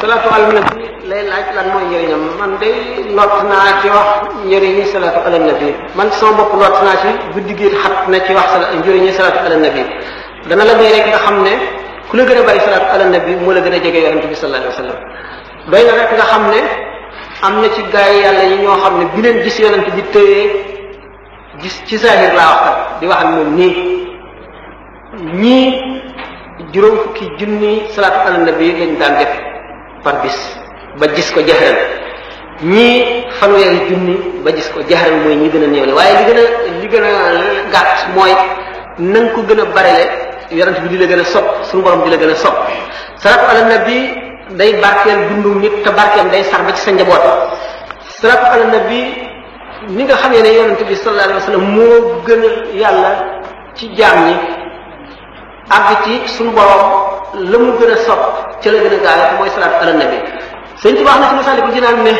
salaatu ala nabi lay laaj lan mooy njëriñam man de lot naa ci wax njëriñi salaatu ala bi man sama bopp lot naa ci guddi gi xat na ci wax sala njëriñi salaatu ala nabi dana la may rek nga xam ne ku la gën a bari salaatu ala nabi moo la gën a jege yonente bi sallallahu alayhi wa nga xam ne am na ci gaay yàlla yi ñoo xam ne bi leen gis yonente bi tëyee ci zahir laa wax di wax ak moom nii ñii juróom fukki junni salaatu ala nabi lañ daan def par bis ba gis ko jaxran ñii fanweeri junni ba gis ko jaxran mooy ñi gën a néewle waaye li gën a li gën a gàtt mooy na ko gën a barele yonent bi di la gën a sopp suñu borom di la gën a sopp salaatu ala nabi day barkeel dundu nit te barkeem day sax ba ci sa njaboot salaatu ni nga xamee ne yonent bi sallallahu alayhi wa sallam moo gën a yàlla ci jaam ñi àgg ci suñu borom la mu gën a sopp ca la gën a gaawe mooy salaatu ala nabi sëñ ci wax na ci Masaalikul Jinaan ne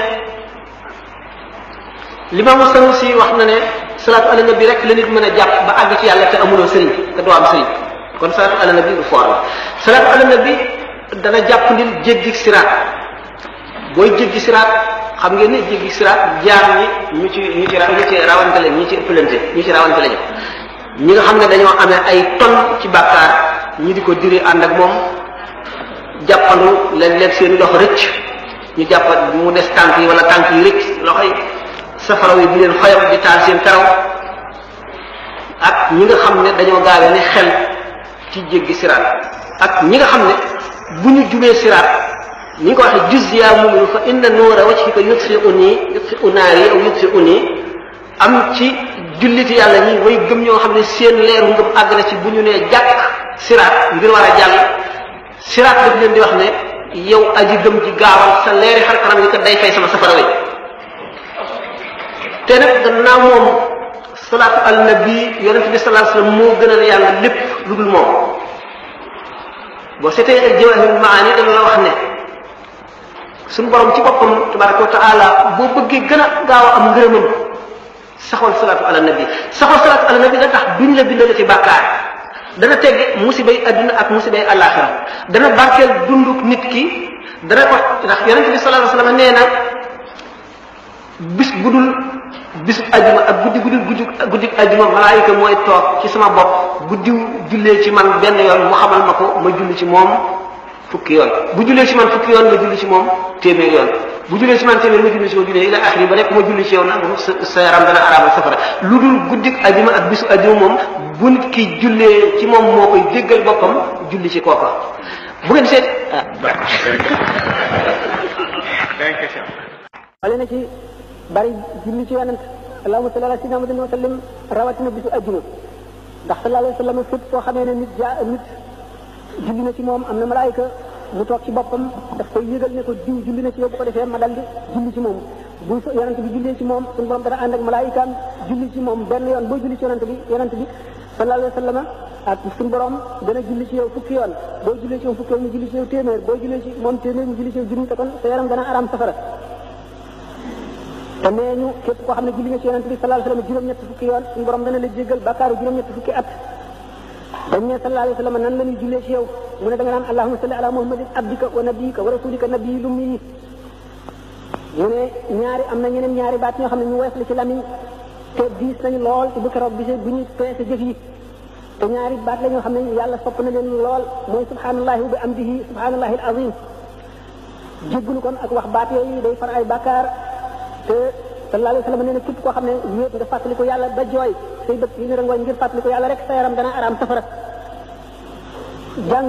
Limaamu Sanusi wax na ne salaatu ala nabi rek la nit mën a jàpp ba àgg ci yàlla te amuloo sëriñ te doo kon salaatu ala nabi bu foor la salaatu ala nabi dana jàpp ndil jéggi siraat booy jéggi siraat xam ngeen ne jéggi siraat jaar ñi ñu ci ñu ci ñu ci rawante lañ ñu ci ëppalante ñu nga xam ne dañoo amee ay ton ci bàkkaar ñi di ko diri ànd ak moom jàppandu léeg-léeg seen loxo rëcc ñu jàpp mu des tànk yi wala tànk yi rëcc loxo yi safara yi di leen xoyam di taal seen karaw ak ñi nga xam ne dañoo gaawe ne xel ci jéggi siraat ak ñi nga xam ne bu ñu jubee siraat ñi nga ko waxee juzya mu'minu fa inna nuura wajhika yutfi'u yëpp yutfi'u naari aw yutfi'u uni am ci julliti yàlla ñi way gëm ñoo xam ne seen leeru ngëm àgg na ci bu ñu nee jàkk sirat ngir wara a sirat siraat daf leen di wax ne yow aji dem ci gaawal sa leeri xar kanam yi ko day fay sama safara way té nak ganna mom salatu al nabi yonente bi alayhi wasallam mo gënal yalla lepp lu mom bo sété seetee ak jawahirul maani dañ la wax ne sun borom ci bopam tabaraka taala bo bëggee gëna a gaaw am ngërëmam saxol salatu ala nabi saxol salatu ala nabi da tax duñ la ci bakkar dana tegg musibay adduna ak musibay àllaaxira dana barkeel dunduk nit ki dana ko ndax yonente bi sallallahu alayhi wasallam nee na bis gudul bis ajuma ak guddi guddi guddi guddi ajuma malaayika mooy toog ci sama bopp bu diw jullee ci man benn yoon mu xamal ma ko ma julli ci moom fukki yoon bu jullee ci man fukki yoon ma julli ci moom téeméer yoon bu julee si man téeméer ma julli si yow julee ila axiri ba nekk ma julli si yow nangu sa yaram dana araamal safara lu dul guddik ajuma ak moom bu nit ki jullee ci moom moo koy jéggal boppam julli ci kooka bu ngeen seet ah. wala na ci bari julli ci yonent allahumma salli ala rawatina bisu ajuma ndax sallallahu alayhi wa sallam fépp soo na ci moom am na mu toog ci boppam daf koy yëgal ne ko diw julli na ci yow bu ko defee ma dal di julli ci moom bu yonent bi jullee ci moom suñu borom dana ànd ak malaayikaam julli ci moom benn yoon boo julli ci yonent bi yonent bi sallallahu alayhi wa sallam ak suñu borom dana julli ci yow fukki yoon boo jullee ci yow fukki yoon mu julli ci yow téeméer boo jullee ci moom téeméer mu julli ci yow junni te kon sa yaram dana araam safara te nee ñu képp koo xam ne julli nga ci yonent bi sallallahu alayhi wa sallam juróom-ñetti fukki yoon suñu borom dana la jéggal bàkkaaru juróom-ñetti fukki at dañ ne sallallahu alayhi wa sallam nan la ñuy jullee ci yow mu ne da nga naan allahumma salli ala muhammadin abdika wa nabiyika wa rasulika nabiyi lu mu mu ne ñaari am na ñeneen ñaari baat ñoo xam ne ñu woyof la ci lamiñ te diis nañu lool ci bu keroog gisee bu ñu peese jëf yi te ñaari baat la ñoo xam ne yàlla sopp na leen lool mooy subhanallahi wa bi amdihi subhanallahi al azim jéggulu kon ak wax baat yooyu day far ay bàkkaar te sallallahu alayhi wa sallam nee na koo xam ne wéet nga fàttali ko yàlla ba jooy say bët yi nga rangooñ ngir yàlla rek sa yaram dana araam safara jàng